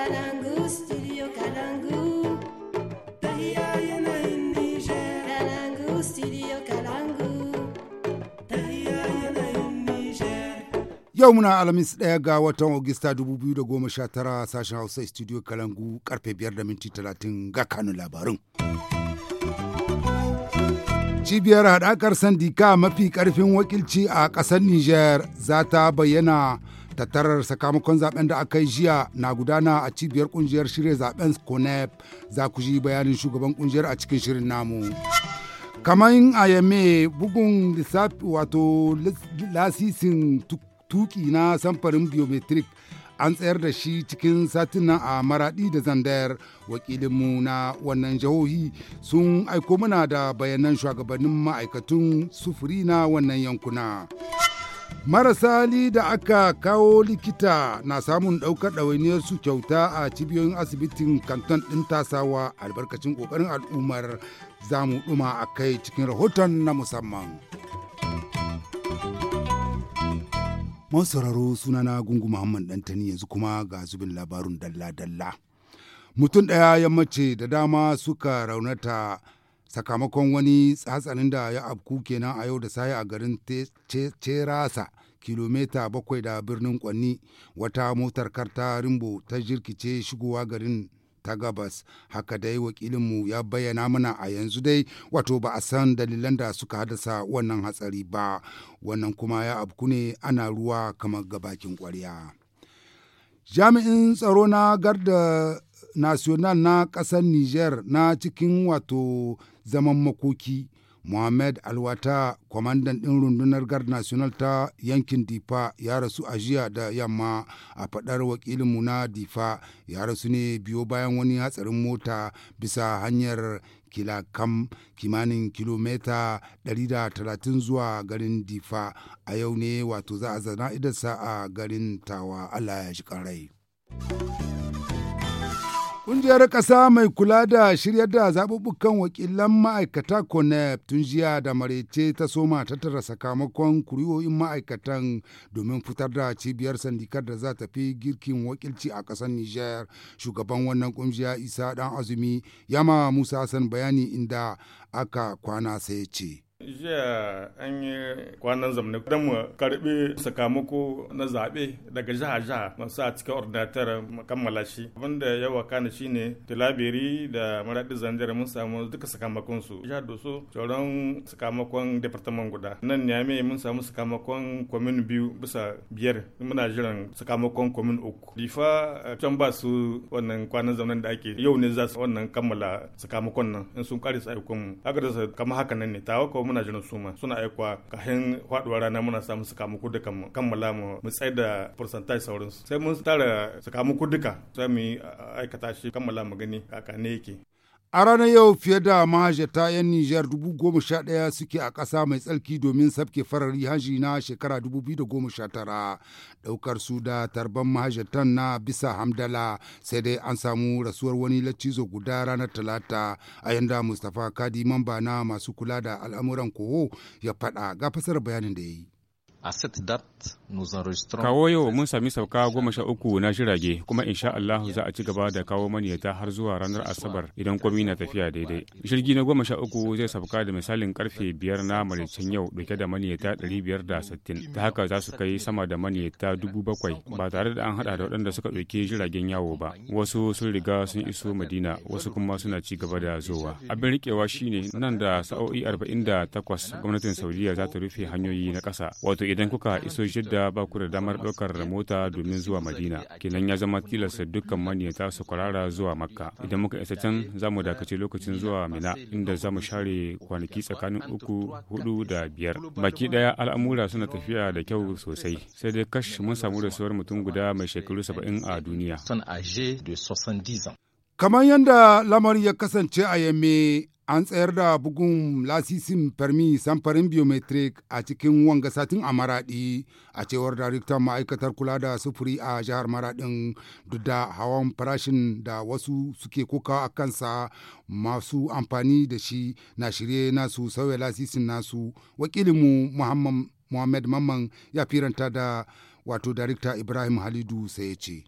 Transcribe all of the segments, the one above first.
Kalangu, studio Kalangu. yanayin Nijar. Kalangu, studio Kalangu. yanayin Nijar. Yau muna alamis ɗaya ga watan Ogista 2019 sashen Hausa studio Kalangu karfe 5 da minti 30 ga kanun labarin. cibiyar haɗakar sandika mafi ƙarfin wakilci a ƙasar niger za ta bayyana tattarar sakamakon zaben da aka yi jiya na gudana a cibiyar kungiyar shirya zaben conep za ku ji bayanin shugaban kungiyar a cikin shirin namu kamar a yame bugun lissafi wato lasisin tuki na samfarin biometric an tsayar da shi cikin satin nan a maradi da zandayar wakilinmu na wannan jihohi sun aiko muna da bayanan shugabannin ma'aikatun sufuri na wannan yankuna. marasa hali da aka kawo likita na samun ɗaukar ɗawainiyar su kyauta a cibiyoyin asibitin kanton ɗin tasawa albarkacin ƙoƙarin al'ummar zamu ɗuma a kai cikin rahoton na musamman. suna sunana gungu muhammad dantani yanzu kuma ga zubin labarun dalla-dalla mutum ɗaya ya mace da dama suka raunata sakamakon wani tsatsanin da ya afku kenan a yau da saye a garin cerasa kilomita bakwai da birnin kwanni wata motar karta rimbo ta jirkice shigowa garin ta gabas haka dai wakilinmu ya bayyana mana a yanzu dai wato ba a san dalilan da suka haddasa wannan hatsari ba wannan kuma ya abku ne ana ruwa kamar gabakin kwarya jami'in tsaro na garda national na ƙasar niger na cikin wato zaman makoki Mohamed Alwata, kwamandan ɗin rundunar Guard National ta yankin Difa ya rasu a jiya da yamma a faɗar wakilinmu na Difa ya rasu ne biyo bayan wani hatsarin mota bisa hanyar kilakam kimanin kilomita 130 zuwa garin Difa a yau ne wato za a zana idarsa a garin Tawa Allah ya shi ƙarai. Ƙungiyar ƙasa mai kula da shirya da zaɓuɓɓukan wakilan ma'aikata CONEP tun jiya da marece ta soma tattara sakamakon kuri'o'in ma'aikatan domin fitar da cibiyar sandikar da za ta fi girkin wakilci a ƙasar Nijar. Shugaban wannan ƙungiya Isa Ɗan Azumi Yama Musa Hassan bayani inda aka kwana sai ce. jiya an yi kwanan zamani don mu karbi sakamako na zaɓe daga jiha-jiha masu a cikin ordinatar makammala shi abinda ya wakana shine tilabiri da maraɗi zanjar mun samu duka sakamakon su jiha doso tsoron sakamakon departaman guda nan niame mun samu sakamakon kwamin biyu bisa biyar muna jiran sakamakon kwamin uku difa can ba su wannan kwanan zamanin da ake yau ne za su wannan kammala sakamakon nan in sun kare sa mu haka da kama haka nan ne tawa muna jiran su ma suna aikwa kafin faduwar rana muna samu sakamako duka mu kammala mu mu tsaya da percentage sauransu sai mun tara sakamako duka sai mu aikata shi kammala mu gani kakane yake A ranar yau fiye da mahajjata 'yan Nijar ɗaya suke a ƙasa mai tsarki domin sabke farari haji na shekara da sha tara ɗaukar su da tarban mahajjatan na bisa hamdala sai dai an samu rasuwar wani laccizo guda ranar talata a yanda Mustapha Kadi mamba na masu kula da al'amuran koho ya faɗa ga fasar bayanin da ya yi. Kawo yau mun sami sauka goma sha uku na jirage kuma insha Allah za a ci gaba da kawo maniyata har zuwa ranar Asabar idan kwami na tafiya daidai. Jirgi na goma sha uku zai sauka da misalin karfe biyar na maraicen yau dauke da maniyata ɗari biyar da sittin. Ta haka za su kai sama da maniyata dubu bakwai ba tare da an haɗa da waɗanda suka ɗauki jiragen yawo ba. Wasu sun riga sun iso Madina wasu kuma suna ci gaba da zowa. Abin riƙewa shine nan da sa'o'i arba'in da takwas gwamnatin Saudiya za ta rufe hanyoyi na ƙasa wato idan kuka iso jidda ba ku da damar ɗaukar mota domin zuwa madina kenan ya zama tilasta dukkan maniyata su kwarara zuwa makka idan muka isa can za mu dakace lokacin zuwa mina inda za mu share kwanaki tsakanin uku hudu da biyar baki ɗaya al'amura suna tafiya da kyau sosai sai dai kash mun samu rasuwar mutum guda mai shekaru saba'in a duniya kamar yadda lamarin ya kasance a yamme an tsayar da bugun lasisin farmi samfarin biometric a cikin wanga satin a maraɗi a cewar daraktan ma'aikatar kula da sufuri a jihar maraɗin duk da hawan farashin da wasu suke kuka a kansa masu amfani da shi na shirye nasu sauya lasisin nasu wakilinmu muhammad mamman ya firanta da wato Darikta ibrahim halidu sai ya ce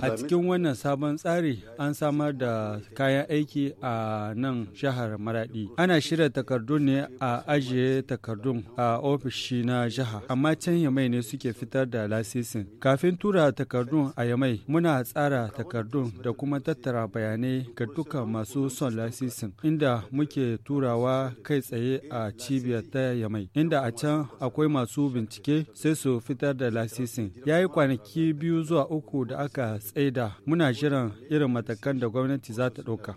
a cikin wannan sabon tsari an samar da kayan aiki a nan jihar maradi ana shirya takardu ne a ajiye takardun a ofishi na jiha amma can yamai ne suke fitar da lasisin kafin tura takardun a yamai muna tsara takardun da kuma tattara bayanai ga duka masu son lasisin inda muke turawa kai tsaye a cibiyar ta yamai inda a can akwai masu bincike sai su fitar da lasisin lasisin ya yi kwanaki biyu zuwa uku da aka tsaida muna jiran irin matakan da gwamnati za ta ɗauka.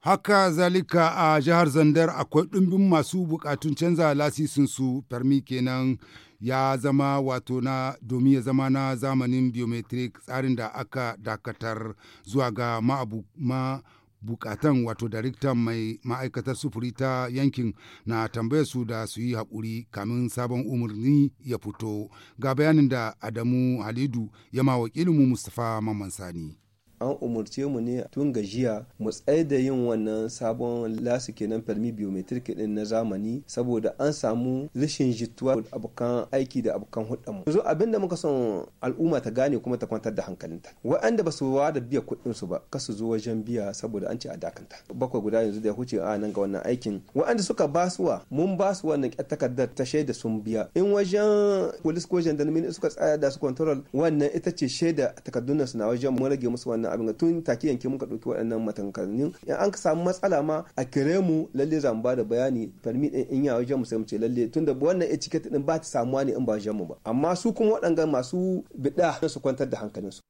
Haka zalika a jihar Zandar akwai ɗumbin masu bukatun canza lasisin su farmi kenan ya zama wato na domin ya zama na zamanin biometric tsarin da aka dakatar zuwa ga ma'abu ma bukatan wato daraktan mai ma'aikatar sufuri ta yankin na tambaye su da su yi haƙuri kamin sabon umarni ya fito ga bayanin da adamu halidu ya ma wakilinmu mustapha mamman sani. an umarce mu ne tun gajiya mu tsaye da yin wannan sabon lasu kenan fermi biometric din na zamani saboda an samu rashin jituwa abokan aiki da abokan hudanmu yanzu abin da muka son al'umma ta gane kuma ta kwantar da hankalinta wa'anda ba su ba da biya kuɗin su ba kasu zo wajen biya saboda an ce a dakanta bakwai guda yanzu da ya huce a nan ga wannan aikin wa'anda suka basuwa mun basu wannan takardar ta shaida sun biya in wajen polis ko gendarmerie suka tsaya da su control wannan ita ce shaida takardun su na wajen mu rage musu wannan wannan abin tun take yanke muka ɗauki waɗannan matankarnin in an samu matsala ma a kire mu lalle za ba da bayani farmi ɗin in ya wajen mu sai mu ce lalle tunda wannan etiquette din ba ta samuwa ne in ba wajen mu ba amma su kuma waɗanga masu bida su kwantar da hankalinsu.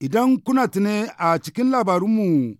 Idan kuna tune a cikin labarunmu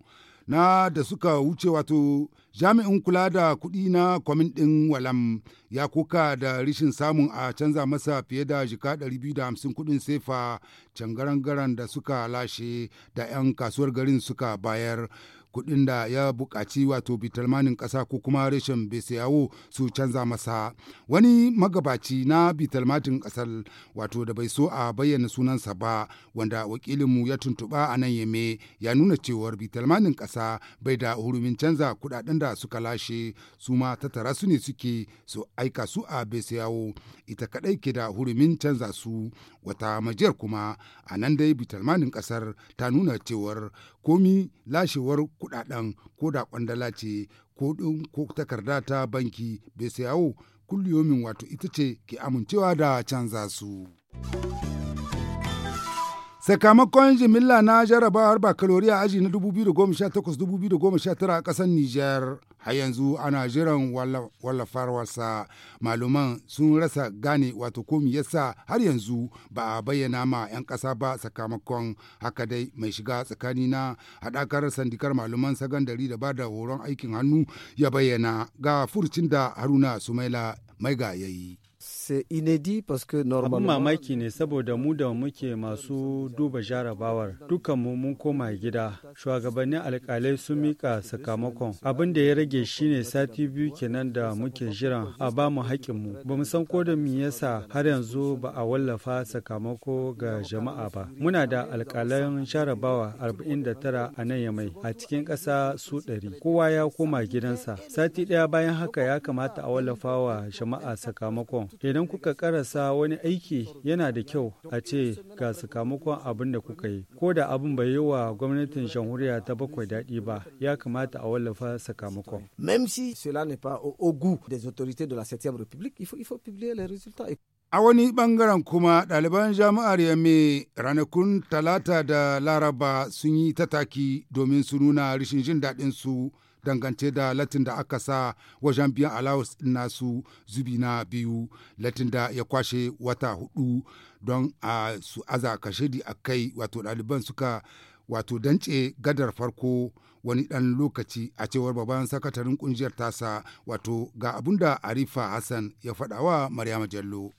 na da suka wuce wato jami'in kula da kuɗi na kwamin ɗin walam ya kuka da rishin samun a canza masa fiye da jika 250 kuɗin sefa cangaran-garan da suka lashe da 'yan kasuwar garin suka bayar kuɗin da ya buƙaci wato bitalmanin ƙasa ko kuma reshen besiyawo su canza masa wani magabaci na bitalmatin ƙasar wato da bai so a bayyana sunansa ba wanda wakilinmu ya tuntuɓa a nan yame ya nuna cewar bitalmanin ƙasa bai da hurumin canza kuɗaɗen da suka lashe su ma tattara su ne suke su aika su a besiyawo ita kaɗai ke da hurumin canza su wata majiyar kuma a nan dai bitalmanin ƙasar ta nuna cewar komi lashewar kuɗaɗen ko da kwandala ce ko ɗin ko takarda ta banki bai sayawo kulliyomin wato ita ce ke amincewa da canza su. Sakamakon jimilla na jarabawar bakaloriya aji na 2018-2019 a ƙasar Nijar har yanzu ana jiran wallafarwarsa maluman sun rasa gane wato komi yasa har yanzu ba a bayyana ma 'yan ƙasa ba sakamakon haka dai mai shiga tsakani na haɗakar sandikar maluman sagandari da ba da horon aikin hannu ya bayyana ga furcin da haruna sumaila mai ga yayi. c'est inédit parce que abin mamaki ne saboda mu da muke masu duba jarabawar dukan mu mun koma gida shugabannin alkalai sun mika sakamakon abin da ya rage shine sati biyu kenan da muke jiran a ba mu haƙƙin mu bamu san ko da me yasa har yanzu ba a wallafa sakamako ga jama'a ba muna da alkalan jarabawa 49 a nan yamai a cikin ƙasa su 100 kowa ya koma gidansa sati ɗaya bayan haka ya kamata a wallafa wa jama'a sakamakon idan kuka karasa wani aiki yana da kyau a ce ga sakamakon abin da kuka yi ko da abin bai yi wa gwamnatin jamhuriya ta bakwai daɗi ba ya kamata a wallafa sakamakon même si cela n'est pas au, au goût des autorités de la 7e république il faut, publier les résultats A wani bangaren kuma ɗaliban jami'ar Yamme ranakun Talata da Laraba sun yi tataki domin su nuna rishin jin daɗinsu dangance da latin da aka sa wajen biyan allowance ɗin nasu zubi na biyu latin da ya kwashe wata hudu don a su aza kashedi a kai wato ɗaliban suka wato dance gadar farko wani ɗan lokaci a cewar babban sakatarin ƙungiyar tasa wato ga abinda arifa hassan ya faɗawa maryama jallo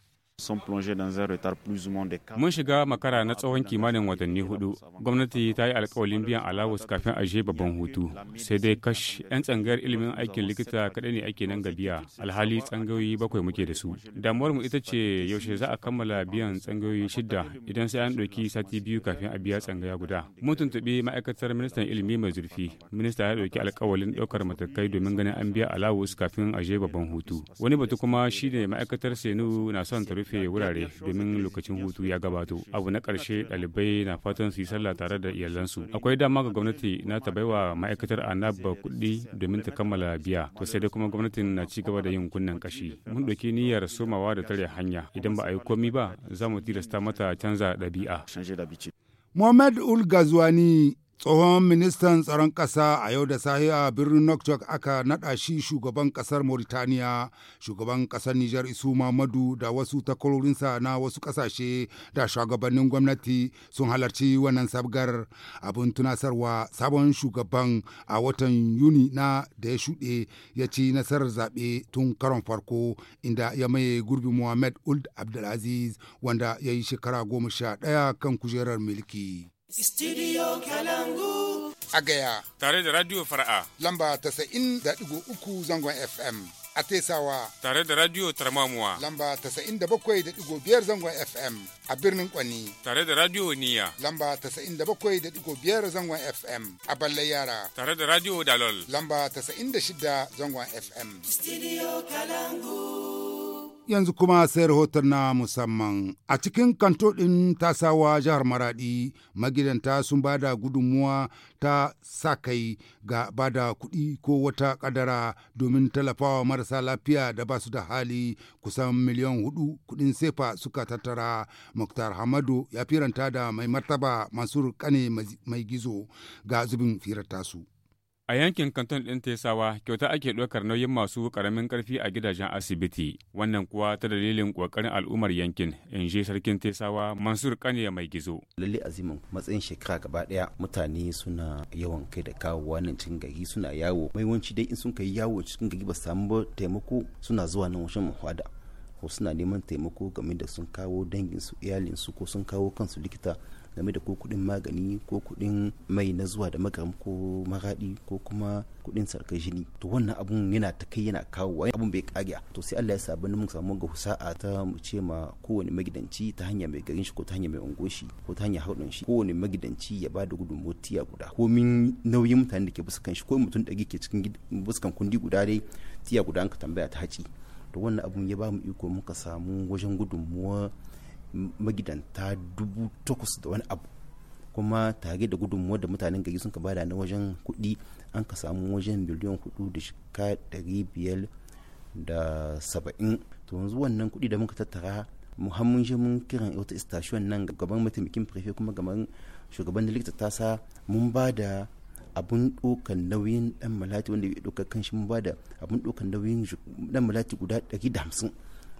Mun shiga makara na tsawon kimanin watanni hudu. Gwamnati ta yi alkawalin biyan alawus kafin a je babban hutu. Sai dai kash 'yan tsangayar ilimin aikin likita kaɗai ne ake nan gabiya. Alhali tsangayoyi bakwai muke da su. Damuwar mu ita ce yaushe za a kammala biyan tsangayoyi shidda idan sai an ɗauki sati biyu kafin a biya tsangaya guda. Mun tuntuɓi ma'aikatar ministan ilimi mai zurfi. Minista ya ɗauki alkawalin ɗaukar matakai domin ganin an biya alawus kafin a je babban hutu. Wani batu kuma shine ma'aikatar Senu na son ta rufe wurare domin lokacin hutu ya gabato abu na ƙarshe ɗalibai na fatan su yi sallah tare da iyalansu akwai dama ga gwamnati na ta baiwa ma'aikatar anab kuɗi domin ta kammala biya to sai dai kuma gwamnatin na ci gaba da yin kunnen kashi mun ɗauki niyyar somawa da tare hanya idan ba a yi komi ba za mu tilasta mata canza ɗabi'a. Mohamed Ulgazwani tsohon ministan tsaron ƙasa a yau da sahi a birnin Nokjok aka naɗa shi shugaban ƙasar Mauritaniya, shugaban ƙasar Nijar Isu Mamadu da wasu takwarorinsa na wasu ƙasashe da shugabannin gwamnati sun halarci wannan sabgar abin tunasarwa sabon shugaban a watan Yuni na da ya shuɗe ya ci nasarar zaɓe tun karon farko inda ya maye gurbi Muhammad Ould Abdulaziz wanda ya yi shekara goma sha ɗaya kan kujerar mulki. Studio Kalangu. A gaya. Tare da Radio Fara'a. Lamba tasa'in da digo uku zangon FM. A Tesawa. Tare da Radio Tarmamuwa. Lamba tasa'in da bakwai da digo biyar zangon FM. A birnin Kwani. Tare da Radio Niya. Lamba tasa'in da bakwai da digo biyar zangon FM. A Balle Yara. Tare da Radio Dalol. Lamba tasa'in da shida zangon FM. Studio Kalangu. yanzu kuma sai rahoton na musamman a cikin kanto ɗin tasawa jihar maradi magidanta sun ba da gudunmuwa ta sa kai ga ba da kuɗi ko wata ƙadara domin tallafawa marasa lafiya da ba su da hali kusan miliyan hudu kuɗin sefa suka tattara muktar hamadu ya firanta da mai martaba mansur kane mai gizo ga zubin firar tasu. A yankin kanton ɗin Tesawa, kyauta ake ɗaukar nauyin masu ƙaramin ƙarfi a gidajen asibiti, wannan kuwa ta dalilin ƙoƙarin al'ummar yankin, in je sarkin Tesawa Mansur Kane mai gizo. Lalle azimin matsayin shekara gaba ɗaya mutane suna yawan kai da kawo wannan cikin gari suna yawo. mai wanci dai in sun kai yawo cikin gari ba samu ba taimako suna zuwa nan wajen muhada. Ko suna neman taimako game da sun kawo danginsu, iyalinsu ko sun kawo kansu likita game da ko kudin magani ko kudin mai na zuwa da magam ko maradi ko kuma kudin sarkar jini to wannan abun yana ta kai yana kawo wani abun bai kariya to sai Allah ya sa abin mun samu ga husa'a ta mu ce ma kowane magidanci ta hanya mai garin shi ko ta hanya mai ungoshi ko ta hanya haɗin shi kowane magidanci ya ba da gudunmuwar tiya guda min nauyin mutane da ke buskan shi ko mutum da ke cikin buskan kundi guda dai tiya guda an ka tambaya ta haci to wannan abun ya ba mu iko muka samu wajen gudunmuwa magidanta dubu takwas da wani abu kuma tare da gudunmuwar da mutanen gari sun ka bada na wajen kuɗi an ka samu wajen miliyan hudu da shika dari biyar da saba'in to yanzu wannan kuɗi da muka tattara muhammun shi mun kiran wata istashon nan gaban mataimakin prefe kuma gaban shugaban da likita tasa mun ba da abun ɗaukan nauyin dan malati wanda ya dokar kan shi mun ba da abun ɗaukan nauyin dan malati guda dari da hamsin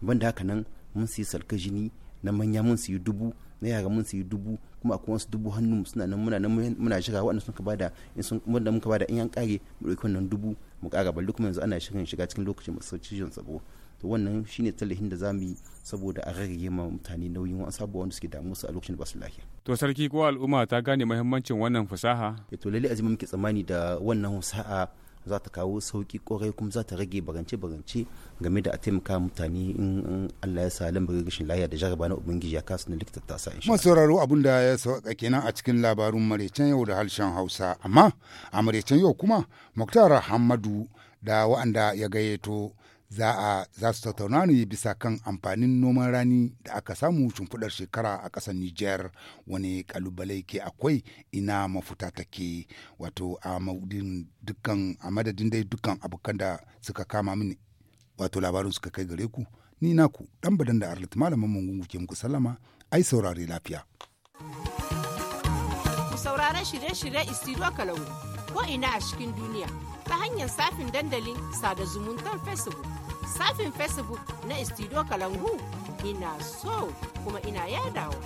banda haka nan mun sayi salka jini na manya mun su yi dubu na yara mun su yi dubu kuma akwai wasu dubu hannu suna nan muna nan muna shiga waɗanda sun bada in sun wanda muka bada in yan kare mu ɗauki wannan dubu mu ƙara balli kuma yanzu ana shirin shiga cikin lokacin masu cizon sabo to wannan shine tallafin da za mu yi saboda a rage ma mutane nauyin wasu abubuwa wanda suke damu su a lokacin da ba su lafiya. to sarki ko al'umma ta gane muhimmancin wannan fasaha. Eh, to lalle azumi muke tsammani da wannan fasaha za ta kawo sauki kwarai kuma za ta rage barance barance game da a taimaka mutane in Allah ya sa lambarin rashin lafiya da jaraba na ubangiji ya kasu na likita ta sa insha sauraro abun da ya sauka kenan a cikin labarun maraicen yau da harshen Hausa amma a maraicen yau kuma Muktar Hamadu da wa'anda ya gayyato za a za su tattauna ne bisa kan amfanin noman rani da aka samu shimfiɗar shekara a ƙasar Nijar wani kalubale ke akwai ina mafuta take wato a maudin dukkan a madadin dai dukkan abokan da suka kama mini wato labarin suka kai gare ku ni naku dan badan da Arlit malamin mun ke muku sallama ai saurare lafiya sauraron shirye-shirye istiro kalau ko ina a cikin duniya ta hanyar safin dandalin sada zumuntar facebook safin facebook na istido kalangu ina so kuma ina yadawa